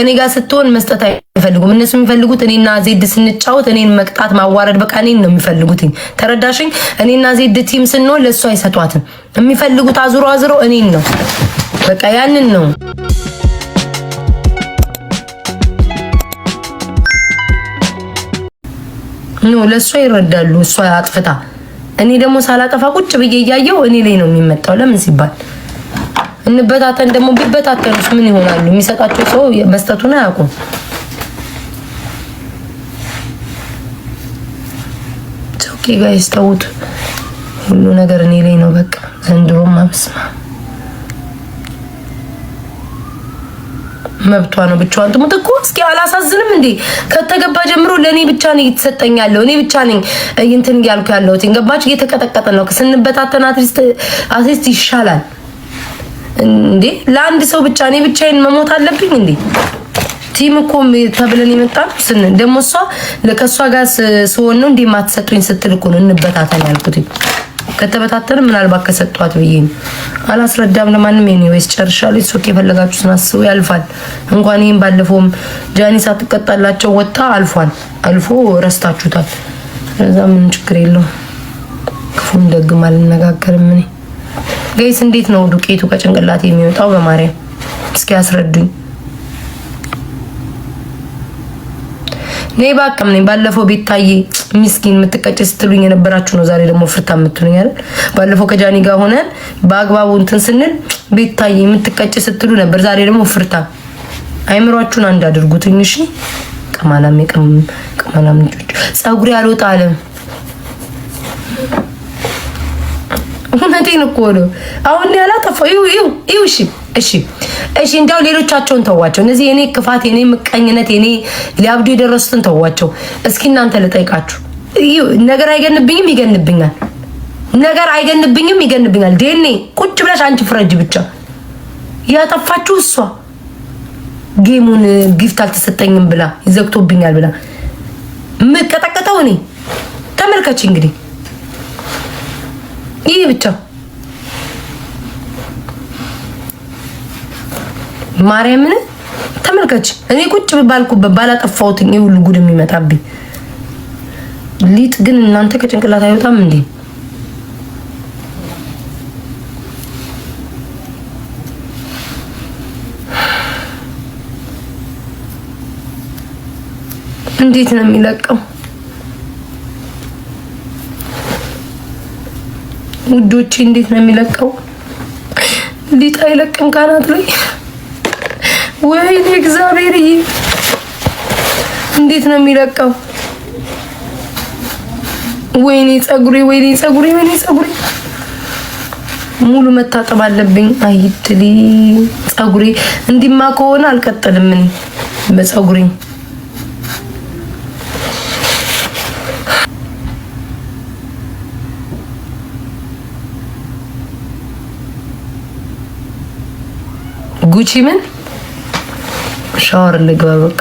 እኔ ጋር ስትሆን መስጠት አይፈልጉም። እነሱ የሚፈልጉት እኔና ዜድ ስንጫወት እኔን መቅጣት፣ ማዋረድ፣ በቃ እኔን ነው የሚፈልጉትኝ። ተረዳሽኝ? እኔና ዜድ ቲም ስንሆን ለእሱ አይሰጧትም። የሚፈልጉት አዙሮ አዝሮ እኔን ነው። በቃ ያንን ነው። ኖ ለእሷ ይረዳሉ። እሷ አጥፍታ እኔ ደግሞ ሳላጠፋ ቁጭ ብዬ እያየው እኔ ላይ ነው የሚመጣው። ለምን ሲባል እንበታተን ደግሞ ቢበታተኑስ ምን ይሆናሉ? የሚሰጣቸው ሰው መስጠቱን አያውቁም። ኦኬ ጋይስ ተውት። ሁሉ ነገር እኔ ላይ ነው። በቃ ዘንድሮም አብስማ መብቷ ነው። ብቻዋን ትሙት እኮ እስኪ አላሳዝንም እንዴ? ከተገባ ጀምሮ ለእኔ ብቻ ነው እየተሰጠኝ ያለው። እኔ ብቻ ነኝ እንትን እያልኩ ያለሁት። ገባች? እየተቀጠቀጠ ነው። ስንበታተን አትሊስት ይሻላል። እንዴ ለአንድ ሰው ብቻ እኔ ብቻዬን መሞት አለብኝ እንዴ? ቲም እኮ ተብለን የመጣን ስን ደግሞ እሷ ጋር ስሆን ነው እንዴ ማትሰጡኝ ስትል እኮ ነው እንበታተን ያልኩት። ከተበታተን ምናልባት ከሰጧት ብዬ ነው። አላስረዳም። ለማንም ወይስ ጨርሻለሁ። ሶኬ የፈለጋችሁትን አስቡ፣ ያልፋል። እንኳን ይህም ባለፈውም ጃኒ ሳትቀጣላቸው ወጥታ አልፏል። አልፎ ረስታችሁታል። ለዛ ምን ችግር የለውም። ክፉም ደግም አልነጋገርም እኔ ገይስ እንዴት ነው ዱቄቱ ከጭንቅላት የሚወጣው? በማርያም እስኪ አስረዱኝ። ነይ ባቀም ነኝ። ባለፈው ቤታዬ ሚስኪን የምትቀጭ ስትሉኝ የነበራችሁ ነው። ዛሬ ደግሞ ፍርታ የምትሉኝ አይደል? ባለፈው ከጃኒ ጋር ሆነን በአግባቡ እንትን ስንል ቤታዬ የምትቀጭ ስትሉ ነበር። ዛሬ ደግሞ ፍርታ። አይምሯችሁን አንድ አድርጉትኝ እሺ። ቅማላም የቅም ቅማላም ልጆች ጸጉሬ አልወጣ አለም እውነቴን እኮ ነው። አሁን ያላጠፋ እሺ፣ እሺ፣ እሺ። እንዲያው ሌሎቻቸውን ተዋቸው። እነዚህ የኔ ክፋት፣ የኔ ምቀኝነት፣ የኔ ሊያብዱ የደረሱትን ተዋቸው። እስኪ እናንተ ልጠይቃችሁ። ነገር አይገንብኝም፣ ይገንብኛል። ነገር አይገንብኝም፣ ይገንብኛል። ዴኔ ቁጭ ብለሽ አንቺ ፍረጅ ብቻ። ያጠፋችሁ እሷ ጌሙን ጊፍት አልተሰጠኝም ብላ ይዘግቶብኛል ብላ ምቀጠቀጠው እኔ ተመልከች እንግዲህ ብቻ ማርያምን ተመልከች። እኔ ቁጭ ባልኩበት ባላጠፋሁት ይሄ ሁሉ ጉድ የሚመጣብኝ ሊጥ ግን እናንተ ከጭንቅላት አይወጣም እንዴ? እንዴት ነው የሚለቀው? ውዶቼ እንዴት ነው የሚለቀው? ሊጥ አይለቅም ካናት ላይ። ወይኔ ይ እንዴት ነው የሚለቀው? ወይኔ ጸጉሬ፣ ወይኔ ጸጉሬ፣ ወይኔ ጸጉሬ ሙሉ መታጠብ አለብኝ። አይትሊ ጸጉሬ እንዲማ ከሆነ አልቀጥልም እኔ በጸጉሬ ጉቺ ምን ሻወር ልግባ። በቃ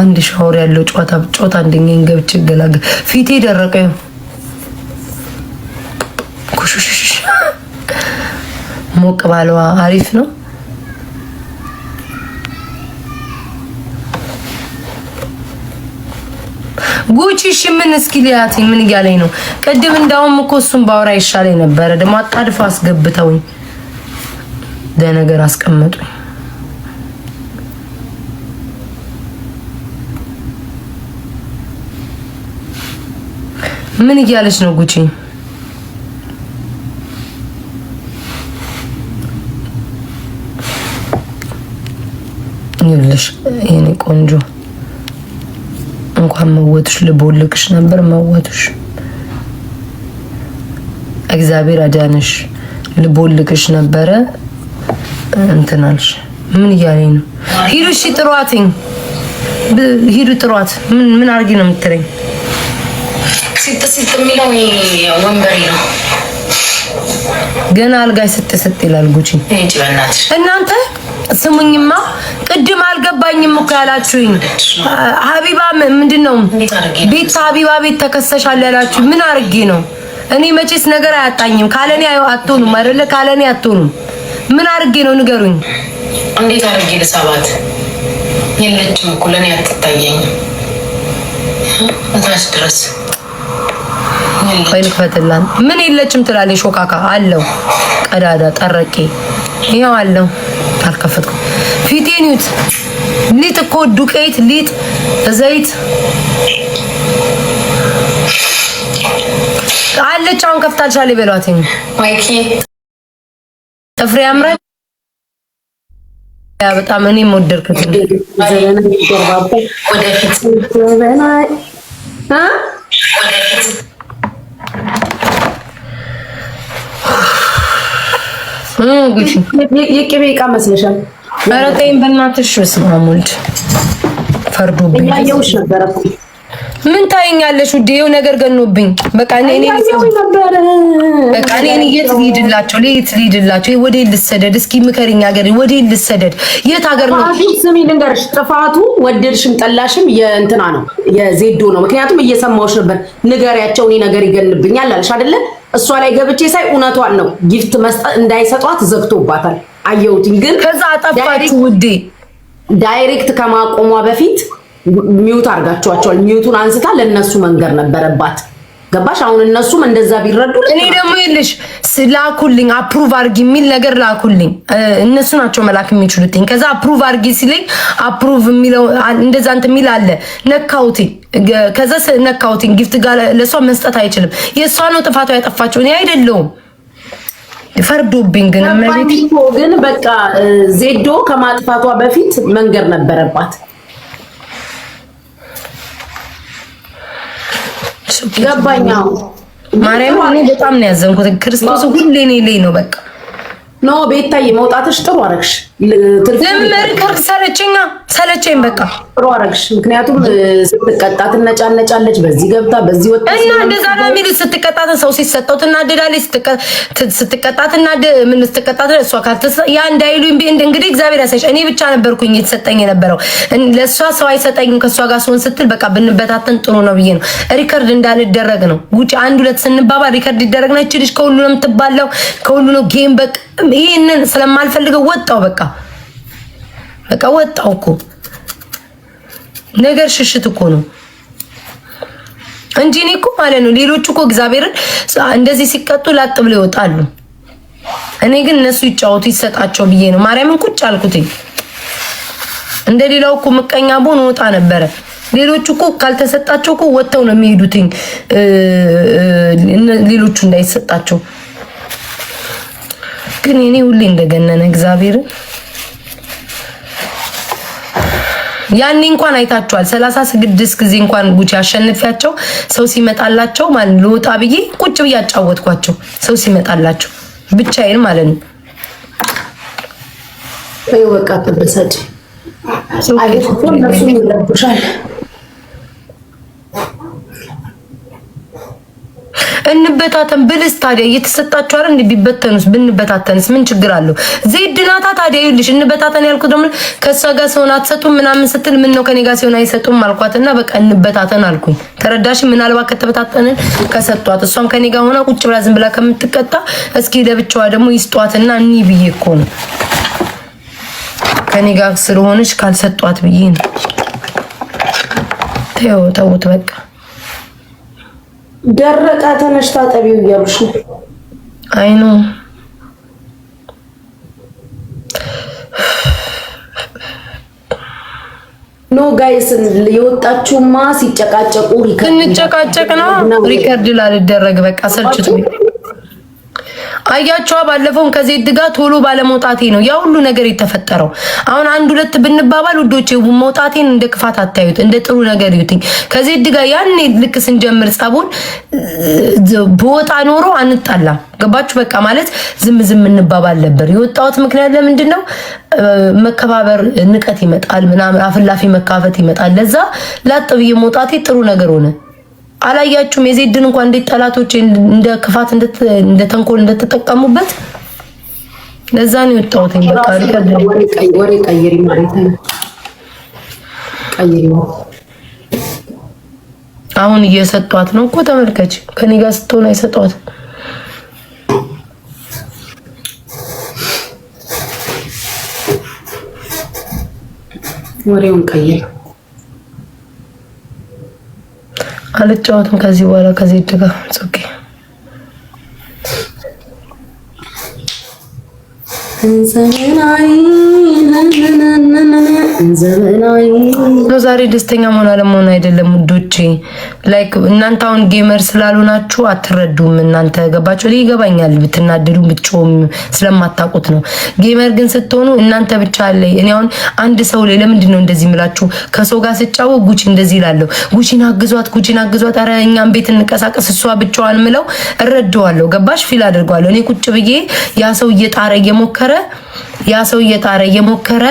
አንድ ሻወር ያለው ጨዋታ ጨዋታ አንደኛን ገብቼ እገላገል። ፊቴ ደረቀ። ኩሽሽሽ ሞቅ ባለዋ አሪፍ ነው። ጉቺ እሺ፣ ምን እስኪ ምን እያለኝ ነው? ቅድም እንዳውም እኮ እሱን ባውራ ይሻለኝ ነበረ። ደግሞ አጣድፎ አስገብተውኝ ለነገር አስቀመጡኝ። ምን እያለች ነው ጉቺ? ይኸውልሽ የኔ ቆንጆ እንኳን መወቱሽ ልቦልቅሽ ነበር መወቱሽ። እግዚአብሔር አዳንሽ ልቦልቅሽ ነበረ። እንትናልሽ ምን እያለኝ ነው? ሂዱ እሺ፣ ጥሯትኝ፣ ሂዱ ጥሯት። ምን ምን አድርጊ ነው የምትለኝ? ሲጥ ሲጥ የሚለው ወንበሬ ነው። ገና አልጋይ ስጥ ስጥ ይላል ጉቺ። እናንተ ስሙኝማ፣ ቅድም አልገባኝም እኮ ያላችሁኝ። ሀቢባ ምንድን ነው ቤት ሀቢባ ቤት ተከሰሻል ያላችሁ ምን አድርጌ ነው? እኔ መቼስ ነገር አያጣኝም። ካለኔ አትሆኑም አይደለ? ካለኔ አትሆኑም ምን አድርጌ ነው ንገሩኝ። እንዴት አድርጌ ልሳባት? የለችም እኮ ለእኔ አትታየኝም። እታች ድረስ ልክፈትላን። ምን የለችም ትላለች። ሾካካ አለው ቀዳዳ ጠረቄ ይኸው አለው። አልከፈትኩም። ፊቴን እዩት። ሊጥ እኮ ዱቄት፣ ሊጥ፣ ዘይት አለች። አሁን ከፍታልሻለሁ በሏትኝ ማይኪ ጥፍሬ ያምራል። ያ በጣም እኔ ወደድኩት። የቅቤ ዕቃ መስለሻል። ኧረ ተይኝ በእናትሽ። ፈርዶብኝ ነበር እኮ ምን ታየኛለሽ ውዴ? ይኸው ነገር ገኖብኝ። በቃ እኔ እኔ በቃ እኔ እኔ የት ልሂድላቸው? ለየት ልሂድላቸው? ወዴ ልሰደድ? እስኪ ምከሪኝ። ሀገር ወዴ ልሰደድ? የት ሀገር ነው? አሁን ስሚ ልንገርሽ፣ ጥፋቱ ወደድሽም ጠላሽም የእንትና ነው የዜዶ ነው። ምክንያቱም እየሰማሁሽ ነበር። ንገሪያቸው፣ እኔ ነገር ይገልብኛል አልሽ አይደለ? እሷ ላይ ገብቼ ሳይ እውነቷን ነው። ጊፍት መስጠት እንዳይሰጧት ዘግቶባታል። አየሁትኝ ግን ከዛ አጠፋችሁ ውዴ ዳይሬክት ከማቆሟ በፊት ሚውት አድርጋቸዋቸዋል። ሚውቱን አንስታ ለእነሱ መንገር ነበረባት። ገባሽ? አሁን እነሱም እንደዛ ቢረዱ እኔ ደግሞ ይልሽ ስላኩልኝ አፕሩቭ አርጊ የሚል ነገር ላኩልኝ። እነሱ ናቸው መላክ የሚችሉትኝ። ከዛ አፕሩቭ አርጊ ሲለኝ አፕሩቭ የሚለው እንደዛ እንትን የሚል አለ። ነካውቲኝ ከዛ ነካውትኝ። ጊፍት ጋር ለእሷ መስጠት አይችልም። የእሷ ነው ጥፋቷ ያጠፋቸው፣ እኔ አይደለውም። ፈርዶብኝ ግን ግን በቃ ዜዶ ከማጥፋቷ በፊት መንገር ነበረባት። ገባኛ ማርያም እኔ በጣም ነው ያዘንኩት። ክርስቶስ ሁሌ እኔ ላይ ነው በቃ ኖ ቤታዬ መውጣትሽ ጥሩ አደረግሽ። ምርቅር ሰለቸኛ ሰለቸኝ። በቃ ጥሩ አደረግሽ። ምክንያቱም ስትቀጣ ትነጫነጫለች፣ በዚህ ገብታ በዚህ ወጣ እና እንደዛ ነው ሰው ሲሰጠው ትናደዳለች። ምን እሷ ያ እንዳይሉኝ እንግዲህ እግዚአብሔር እኔ ብቻ ነበርኩኝ የተሰጠኝ የነበረው ለእሷ ሰው አይሰጠኝም። ከእሷ ጋር ስሆን ስትል በቃ ብንበታተን ጥሩ ነው ብዬ ነው ሪከርድ እንዳልደረግ ነው ውጭ አንድ ሁለት ስንባባል ሪከርድ ይደረግ ከሁሉ ነው የምትባለው ከሁሉ ነው ጌም በቃ ይህንን ስለማልፈልገው ወጣው በቃ በቃ ወጣው እኮ ነገር ሽሽት እኮ ነው እንጂ እኔ እኮ ማለት ነው ሌሎቹ እኮ እግዚአብሔርን እንደዚህ ሲቀጡ ላጥ ብለው ይወጣሉ። እኔ ግን እነሱ ይጫወቱ ይሰጣቸው ብዬ ነው ማርያምን ቁጭ አልኩትኝ። እንደ ሌላው እኮ ምቀኛ ቦን ወጣ ነበረ። ሌሎቹ እኮ ካልተሰጣቸው እኮ ወጥተው ነው የሚሄዱትኝ። ሌሎቹ እንዳይሰጣቸው ግን እኔ ሁሌ እንደገነነ እግዚአብሔርን ያኔ እንኳን አይታችኋል። ሰላሳ ስድስት ጊዜ እንኳን ጉቺ አሸንፊያቸው ሰው ሲመጣላቸው ማለት ልወጣ ብዬ ቁጭ ብዬ አጫወትኳቸው። ሰው ሲመጣላቸው ብቻዬን ማለት ነው። በቃ ተበሳጭ ሰው እንበታተን ብልስ ታዲያ እየተሰጣቸው አይደል? ቢበተኑስ ብንበታተንስ ምን ችግር አለው? ዜድ ናታ ታዲያ ይልሽ እንበታተን ያልኩት ደግሞ ከእሷ ጋር ሲሆን አትሰጡም ምናምን ስትል ምን ነው ከኔ ጋር ሲሆን አይሰጡም አልኳትና በቃ እንበታተን አልኩኝ። ተረዳሽ? ምናልባት ከተበታተንን ከሰጧት እሷም ከኔ ጋር ሆና ቁጭ ብላ ዝም ብላ ከምትቀጣ እስኪ ለብቻዋ ደግሞ ይስጧትና እኒ ብዬ እኮ ነው ከኔ ጋር ስለሆነች ካልሰጧት ብዬ ነው። ተው ተውት በቃ ደረቃ ተነሽ ታጠቢው እያሉሽ ነው። አይ ነው ኖ ጋይስ የወጣችሁማ ሲጨቃጨቁ ሪከርድ ስንጨቃጨቅ ነው ሪከርድ ላልደረግ በቃ ሰልችቶ አያቸዋ ባለፈውን ከዜድ ጋር ቶሎ ባለመውጣቴ ነው ያ ሁሉ ነገር የተፈጠረው። አሁን አንድ ሁለት ብንባባል ውዶቼ መውጣቴን እንደ ክፋት አታዩት፣ እንደ ጥሩ ነገር ይዩትኝ። ከዜድ ጋር ያኔ ልክ ስንጀምር ጸቡን በወጣ ኖሮ አንጣላም። ገባችሁ? በቃ ማለት ዝም ዝም እንባባል ነበር። የወጣሁት ምክንያት ለምንድን ነው? መከባበር ንቀት ይመጣል ምናምን፣ አፍላፊ መካፈት ይመጣል። ለዛ ላጥ መውጣቴ ጥሩ ነገር ሆነ። አላያችሁም? የዜድን እንኳን እንዴት ጠላቶች እንደ ክፋት እንደ ተንኮል እንደተጠቀሙበት ለዛ ነው የወጣሁት። ወሬ ቀይሪ ማለት ቀይሪ አሁን እየሰጧት ነው እኮ ተመልከች። ከኔ ጋር ስትሆን አይሰጧት። ወሬውን ቀይሪ አልጫወትም ከዚህ በኋላ ከዚህ ድጋ ዛሬ ደስተኛ መሆን አለመሆን አይደለም ውዶቼ። ላይክ እናንተ አሁን ጌመር ስላልሆናችሁ አትረዱም። እናንተ ገባችሁ? ይገባኛል ብትናደዱ ብትጮም ስለማታውቁት ነው። ጌመር ግን ስትሆኑ እናንተ ብቻ አለ። እኔ አሁን አንድ ሰው ላይ ለምንድን ነው እንደዚህ ምላችሁ? ከሰው ጋር ስጫወት ጉቺ እንደዚህ ይላለሁ፣ ጉቺን አግዟት፣ ጉቺን አግዟት፣ ኧረ እኛም ቤት እንቀሳቀስ፣ እሷ ብቻዋን ምለው እረዳዋለሁ። ገባሽ? ፊል አድርገዋለሁ። እኔ ቁጭ ብዬ ያ ሰው እየጣረ እየሞከረ እየሞከረ ያ ሰው እየታረ እየሞከረ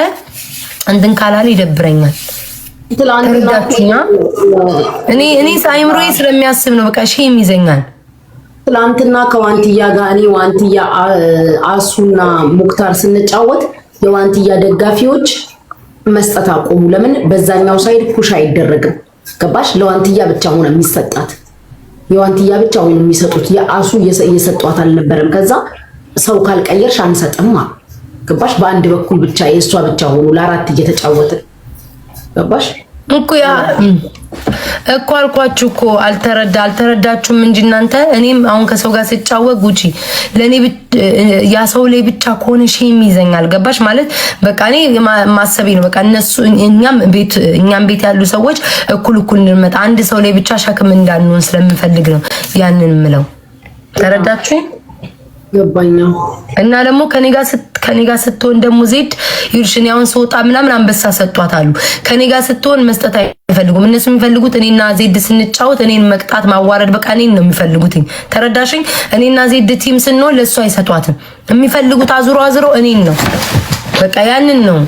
እንትን ካላል ይደብረኛል። እኔ እኔ አይምሮዬ ስለሚያስብ ነው። በቃ ሼም ይዘኛል። ትላንትና ከዋንትያ ጋር እኔ ዋንትያ አሱና ሙክታር ስንጫወት የዋንትያ ደጋፊዎች መስጠት አቆሙ። ለምን በዛኛው ሳይድ ኩሽ አይደረግም። ገባሽ? ለዋንትያ ብቻ ሆነ የሚሰጣት የዋንትያ ብቻ ሆነ የሚሰጡት የአሱ እየሰጧት አልነበረም። ከዛ ሰው ካልቀየርሽ አንሰጥም አሉ። ገባሽ? በአንድ በኩል ብቻ የእሷ ብቻ ሆኑ ለአራት እየተጫወትን ገባሽ? እኮ ያ እኮ አልኳችሁ እኮ አልተረዳ አልተረዳችሁም እንጂ እናንተ። እኔም አሁን ከሰው ጋር ስጫወት ጉቺ ለእኔ ያ ሰው ላይ ብቻ ከሆነ ሼም ይዘኛል። ገባሽ ማለት በቃ እኔ ማሰቤ ነው። በቃ እነሱ እኛም ቤት እኛም ቤት ያሉ ሰዎች እኩል እኩል እንድንመጣ አንድ ሰው ላይ ብቻ ሸክም እንዳንሆን ስለምፈልግ ነው ያንን ምለው። ተረዳችሁኝ? ገባኛ እና ደግሞ ከኔ ጋር ስትሆን ደግሞ ዜድ ይኸውልሽ፣ ያሁን አሁን ስወጣ ምናምን አንበሳ ሰጧት አሉ። ከኔ ጋር ስትሆን መስጠት አይፈልጉም። እነሱ የሚፈልጉት እኔና ዜድ ስንጫወት እኔን መቅጣት፣ ማዋረድ፣ በቃ እኔን ነው የሚፈልጉት። ተረዳሽኝ? እኔና ዜድ ቲም ስንሆን ለእሱ አይሰጧትም። የሚፈልጉት አዙሮ አዝሮ እኔን ነው። በቃ ያንን ነው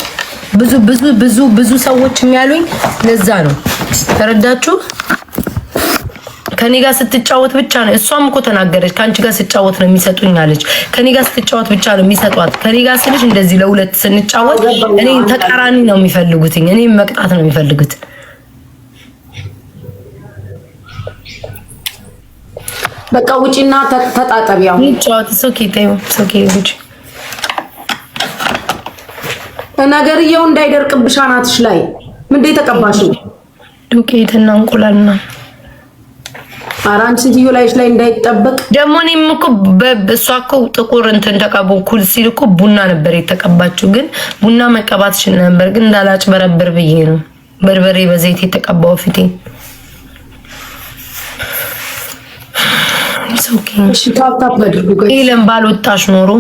ብዙ ብዙ ብዙ ብዙ ሰዎች የሚያሉኝ ለዛ ነው። ተረዳችሁ? ከኔ ጋር ስትጫወት ብቻ ነው። እሷም እኮ ተናገረች። ከአንቺ ጋር ስጫወት ነው የሚሰጡኝ አለች። ከኔ ጋር ስትጫወት ብቻ ነው የሚሰጧት። ከኔ ጋር ስልሽ እንደዚህ ለሁለት ስንጫወት እኔ ተቃራኒ ነው የሚፈልጉት እኔ መቅጣት ነው የሚፈልጉት። በቃ ውጪና ተጣጣቢያው ነገርየው እንዳይደርቅብሽ አናትሽ ላይ ምንድን ተቀባሽ? ዱቄትና እንቁላልና ኧረ አንቺ ሴትዮ ላይሽ ላይ እንዳይጠበቅ ደግሞ እኔም እኮ እሷ እኮ ጥቁር እንትን ተቀቡ ኩል ሲል እኮ ቡና ነበር የተቀባችው። ግን ቡና መቀባት ችል ነበር፣ ግን እንዳላጭበረብር ብዬ ነው በርበሬ በዘይት የተቀባው ፊቴ። ይለን ባልወጣሽ ኖሮ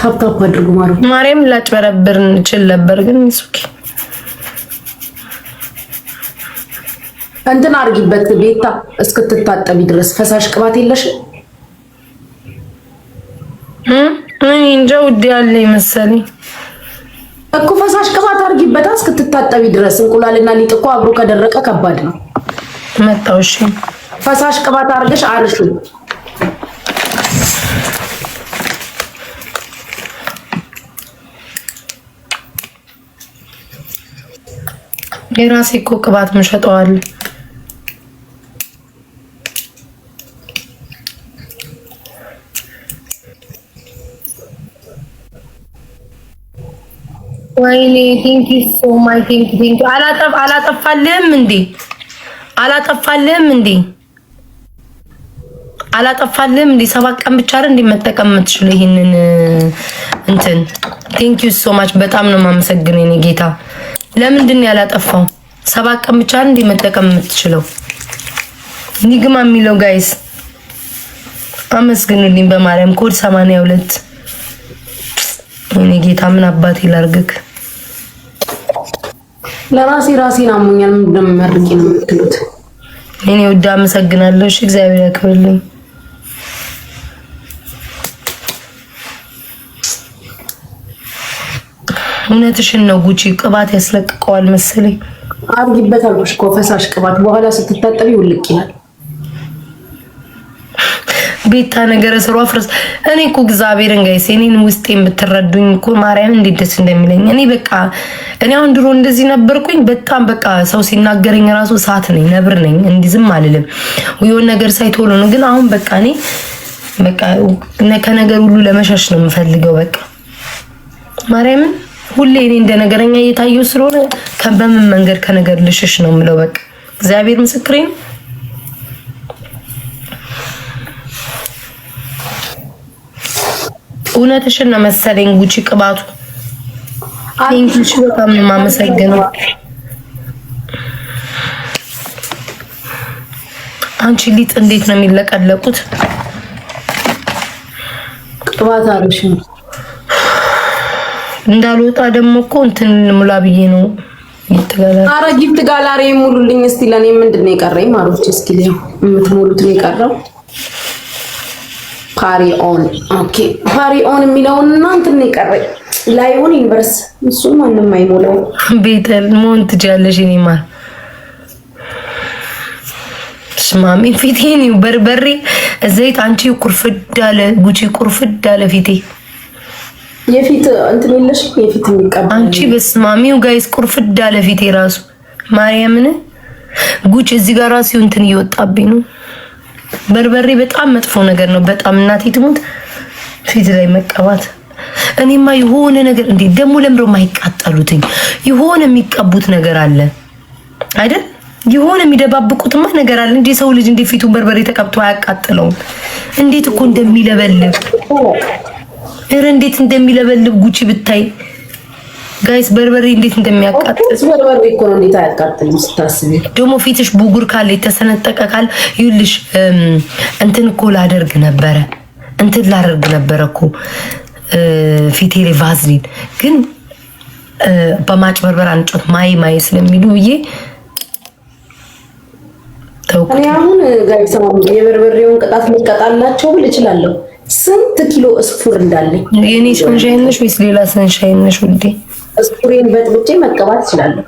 ታፕታፕ አድርጉ ማርያም ላጭበረብር ችል ነበር፣ ግን ኦኬ እንትን አድርጊበት ቤታ እስክትታጠቢ ድረስ ፈሳሽ ቅባት የለሽም እንጃ ውድ ያለ መሰለኝ እኮ ፈሳሽ ቅባት አርጊበት እስክትታጠቢ ድረስ እንቁላልና ሊጥ እኮ አብሮ ከደረቀ ከባድ ነው መጣው እሺ ፈሳሽ ቅባት አድርገሽ አርሹ የራሴ እኮ ቅባት ምሸጠዋል ወይኔ ቲንክ ዩ ሶ ማይ ቲንክ ቲንክ አላጠፋ አላጠፋልህም እንዴ? አላጠፋልህም እንዴ? አላጠፋልህም እንዴ? ሰባት ቀን ብቻ አይደል እንዴ መጠቀም የምትችለው ይሄንን እንትን። ቲንክ ዩ ሶ ማች በጣም ነው የማመሰግን የእኔ ጌታ። ለምንድን ነው ያላጠፋው? ሰባት ቀን ብቻ አይደል እንዴ መጠቀም የምትችለው? ኒግማ የሚለው ጋይስ አመስግኑልኝ በማርያም ኮድ 82 እኔ ጌታ ምን አባቴ ላርግክ ለራሴ ራሴን አሞኛል። ምንድን ነው መርቄ ነው የምትሉት? እኔ ውድ አመሰግናለሁ። እሺ፣ እግዚአብሔር ያክብርልኝ። እውነትሽን ነው ጉቺ። ቅባት ያስለቅቀዋል መሰለኝ። አድርጊበት አልኩሽ እኮ ፈሳሽ ቅባት። በኋላ ስትታጠቢ ውልቅ ይላል። ቤታ ነገር ስሯ ፍርስ። እኔ እኮ እግዚአብሔርን ጋይስ እኔን ውስጤን የምትረዱኝ እኮ ማርያም እንዴት ደስ እንደሚለኝ። እኔ በቃ እኔ አሁን ድሮ እንደዚህ ነበርኩኝ። በጣም በቃ ሰው ሲናገረኝ ራሱ ሰዓት ነኝ፣ ነብር ነኝ፣ እንዲህ ዝም አልልም። የሆነ ነገር ሳይቶሎ ነው። ግን አሁን በቃ እኔ በቃ ከነገር ሁሉ ለመሸሽ ነው የምፈልገው። በቃ ማርያምን ሁሌ እኔ እንደ ነገረኛ ስለሆነ በምን መንገድ ከነገር ልሽሽ ነው የምለው። በቃ እግዚአብሔር ምስክሬ ነው። እውነትሽን ነው መሰለኝ። ጉቺ ቅባቱ ንሽ በጣም ነው የማመሰግነው። አንቺ ሊጥ እንዴት ነው የሚለቀለቁት? ቅባት አሪፍ እንዳልወጣ ደግሞ እኮ እንትን ሙላ ብዬ ነው አረ ጊፍት ጋላሪ ሙሉልኝ እስቲ። ለኔ ምንድን ነው የቀረኝ? ማሮች እስኪ የምትሞሉት ነው የቀረው ፓሪ ኦን ኦኬ፣ ፓሪ ፓሪኦን የሚለውን እናንትን የቀረኝ ላይሆን ዩኒቨርስ እሱ ማንም አይሞላው። ቤተል መሆን ትችያለሽ። ማ ስማሚ ፊቴ ነው በርበሬ እዘይት። አንቺ ቁርፍድ አለ ጉቺ፣ ቁርፍድ አለ ፊቴ። የፊት እንትን የለሽ የፊት የሚቀባ አንቺ በስማሚው ጋይስ፣ ቁርፍድ አለ ፊቴ ራሱ ማርያምን ጉቺ። እዚህ ጋር ራሱ እንትን እየወጣብኝ ነው በርበሬ በጣም መጥፎ ነገር ነው። በጣም እናቴ ትሙት ፊት ላይ መቀባት። እኔማ የሆነ ነገር እንዴ ደግሞ ለምሮ ማይቃጠሉትኝ የሆነ የሚቀቡት ነገር አለ አይደል? የሆነ የሚደባብቁትማ ነገር አለ እንዴ። ሰው ልጅ እንዴ ፊቱን በርበሬ ተቀብቶ አያቃጥለውም? እንዴት እኮ እንደሚለበልብ እረ እንዴት እንደሚለበልብ ጉቺ ብታይ ጋይስ በርበሬ እንዴት እንደሚያቃጥል በርበሬ እኮ ነው። እንዴት አያቃጥልም? ስታስቢ ደግሞ ፊትሽ ቡጉር ካለ የተሰነጠቀ ካለ ይኸውልሽ፣ እንትን እኮ ላደርግ ነበረ እንትን ላደርግ ነበረ እኮ ፊቴ ላይ ቫዝሊን ግን በማጭበርበር አንጮት ማይ ማይ ስለሚሉ ብዬ ተውኩት። እኔ አሁን ጋይስ የበርበሬውን ቅጣት ልቀጣላቸው ብል እችላለሁ። ስንት ኪሎ እስፉር እንዳለኝ የኔ ሰንሻይነሽ ወይስ ሌላ ሰንሻይነሽ ውዴ? እስኩሬን በጥብጬ መቀባት እችላለሁ።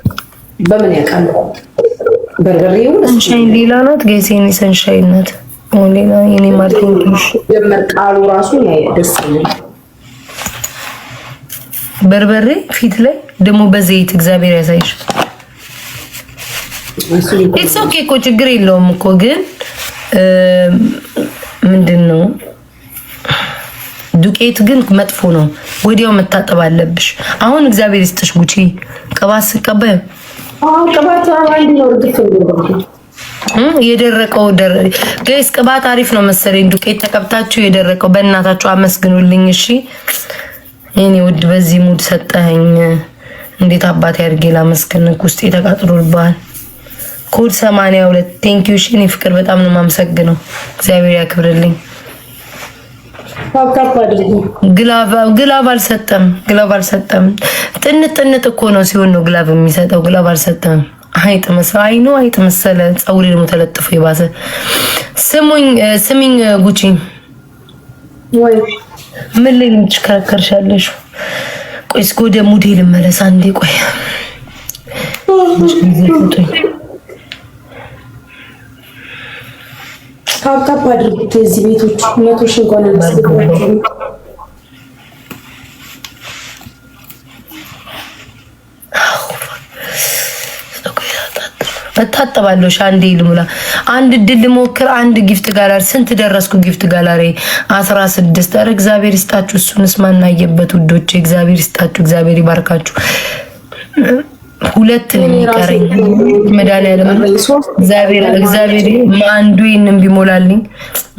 በምን ያውቃል? በርበሬው ሰንሻይን ሌላ ናት፣ ጌሴኒ ሰንሻይን ናት። ሌላ የኔ ማርኪንግ ጀመር ቃሉ ራሱ ደስ በርበሬ ፊት ላይ ደግሞ በዘይት እግዚአብሔር ያሳይሽ። ኢትስ ኦኬ እኮ ችግር የለውም እኮ ግን ምንድን ነው ዱቄት ግን መጥፎ ነው፣ ወዲያው መታጠብ አለብሽ። አሁን እግዚአብሔር ይስጥሽ ጉቺ ቅባት ስቀበይ የደረቀው ጋይስ ቅባት አሪፍ ነው መሰለኝ። ዱቄት ተቀብታችሁ የደረቀው በእናታችሁ አመስግኑልኝ። እሺ የኔ ውድ በዚህ ሙድ ሰጠኸኝ። እንዴት አባቴ አድርጌ ላመስግንክ? ውስጤ ተቃጥሎብሃል። ኮድ 82 ዩ ሺ እኔ ፍቅር በጣም ነው የማመሰግነው። እግዚአብሔር ያክብርልኝ። ግላብ አልሰጠም። ግላብ አልሰጠም። ጥንት ጥንት እኮ ነው ሲሆን ነው ግላብ የሚሰጠው። ግላብ አልሰጠም። አይጥ መሰለ አይኖ አይጥ መሰለ። ፀጉሬ ደግሞ ተለጥፎ የባሰ። ስሙኝ ስሚኝ ጉቺ፣ ምን ላይ ነው ትሽከረከርሻለሽ? ቆይ እስከ ወደ ሙዴ ልመለስ አንዴ ቆይ ታብታብ አድርጉት። የዚህ ቤቶች ሁለቱ ሺ እንኳን አልስገባቸውም። እታጠባለሁ። አንዴ ልሙላ። አንድ ድል ልሞክር። አንድ ጊፍት ጋላሪ ስንት ደረስኩ? ጊፍት ጋላሪ አስራ ስድስት ኧረ እግዚአብሔር ይስጣችሁ። እሱንስ ማናየበት ውዶች፣ እግዚአብሔር ይስጣችሁ። እግዚአብሔር ይባርካችሁ። ሁለት ነው የሚቀረኝ። መድኃኒዓለም እግዚአብሔር እግዚአብሔር አንዱ ቢሞላልኝ